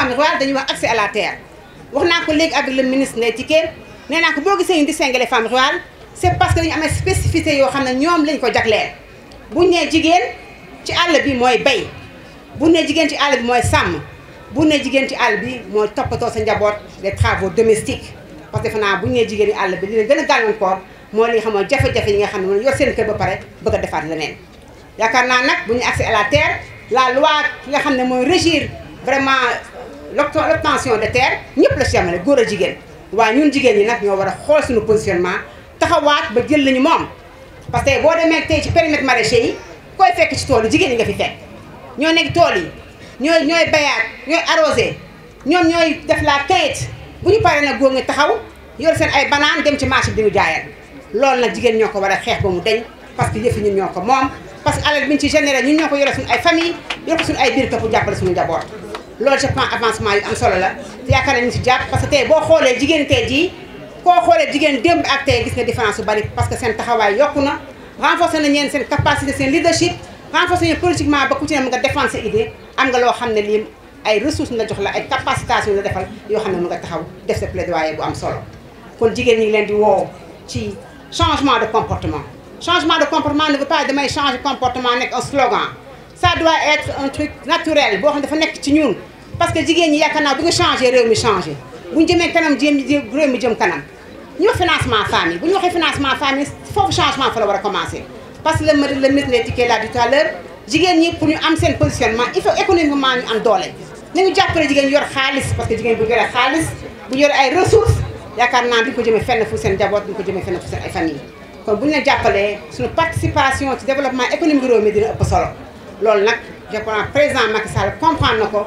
famille royale dañuy wax accès à la terre wax naa ko léegi avec le ministre Ndeye Tické nee naa ko bo gisee ñu distinguer les femmes rurales c'est parce que dañu amé spécificité yo xamné ñom lañ ko jagleel bu ñé jigéen ci all bi moy bay bu ñé jigéen ci all bi moy sam bu ñé jigéen ci all bi moy topato sa njaboot les travaux domestiques parce que fana bu ñé nee ci all bi li gëna gën a gàllankoor li nga jafé jafé jafe nga xamné ne yor seen kër ba paré bëgg a defaat yakarna nak bu ñu accès à la terre la loi ki nga xam ne régir vraiment l'obtention de terre ñëpp la si yemale góor a jigéen waaye ñun jigéen ñi nag ñoo war a xool suñu positionnement taxawaat ba jël lañu moom parce que boo demee tey ci périmètre maraîcher yi koy fekk ci tool yi jigéen ñi nga fi fekk ñoo nekk tool yi ñooy ñooy bayaat ñooy arrosé ñoom ñooy def la cueillette bu ñu paree nag góor nga taxaw yor seen ay banaan dem ci marché di ñu jaayal loolu nag jigéen ñoo ko war a xeex ba mu deñ parce que yëf yi ñun ñoo ko moom parce que alal ñu ci loolu je pense avancement am solo la yaakaar nañu si japp parce que tey bo xolé jigen tay jii ko xolé jigen démb ak tay gis nga différence bari parce que sen taxaway yokuna renforcer na leen sen capacité sen leadership renforcer nañu politiquement ba ku ci ne nga défendre idée am nga lo xamné ne ay ressources na jox la ay capacitation la defal yo xamné mu nga taxaw def sa plaidoyer bu am solo kon jigen ñi ngi leen di wo ci changement de comportement changement de comportement ne veut pas damay changer comportement nek un slogan ça doit être un truc naturel bo xamné ne dafa nek ci ñun parce que jigen ñi yaakaar bu nga changer réew mi changer buñu ñu kanam jëm réew mi jëm kanam ñu financement famille buñu bu financement famille fofu changement fa la wara commencer parce que le le ministre l'étiquette là du tout à l'heure jigen ñi pour ñu am sen positionnement il faut économiquement ñu am doole ñu jappalé jigen yor xaalis parce que jigen bu gëra xaalis bu ñor ay ressources yaakaar naa duñ ko jëmee fenn fu sen jabot duñ ko jëmee fenn fu sen ay famille kon buñu ñu la jàppalee suñu participation ci développement économique réew mi dina ëpp solo lool nak je crois président Macky Sall comprendre nako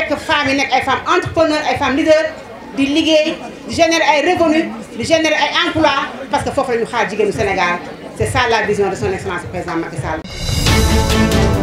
que femmes et femme femmes entrepreneurs ay femmes leaders di liguer, di générer ay revenus di générer ay emplois parce que faut faire du xaar au Sénégal c'est ça la vision de son excellence président Macky Sall.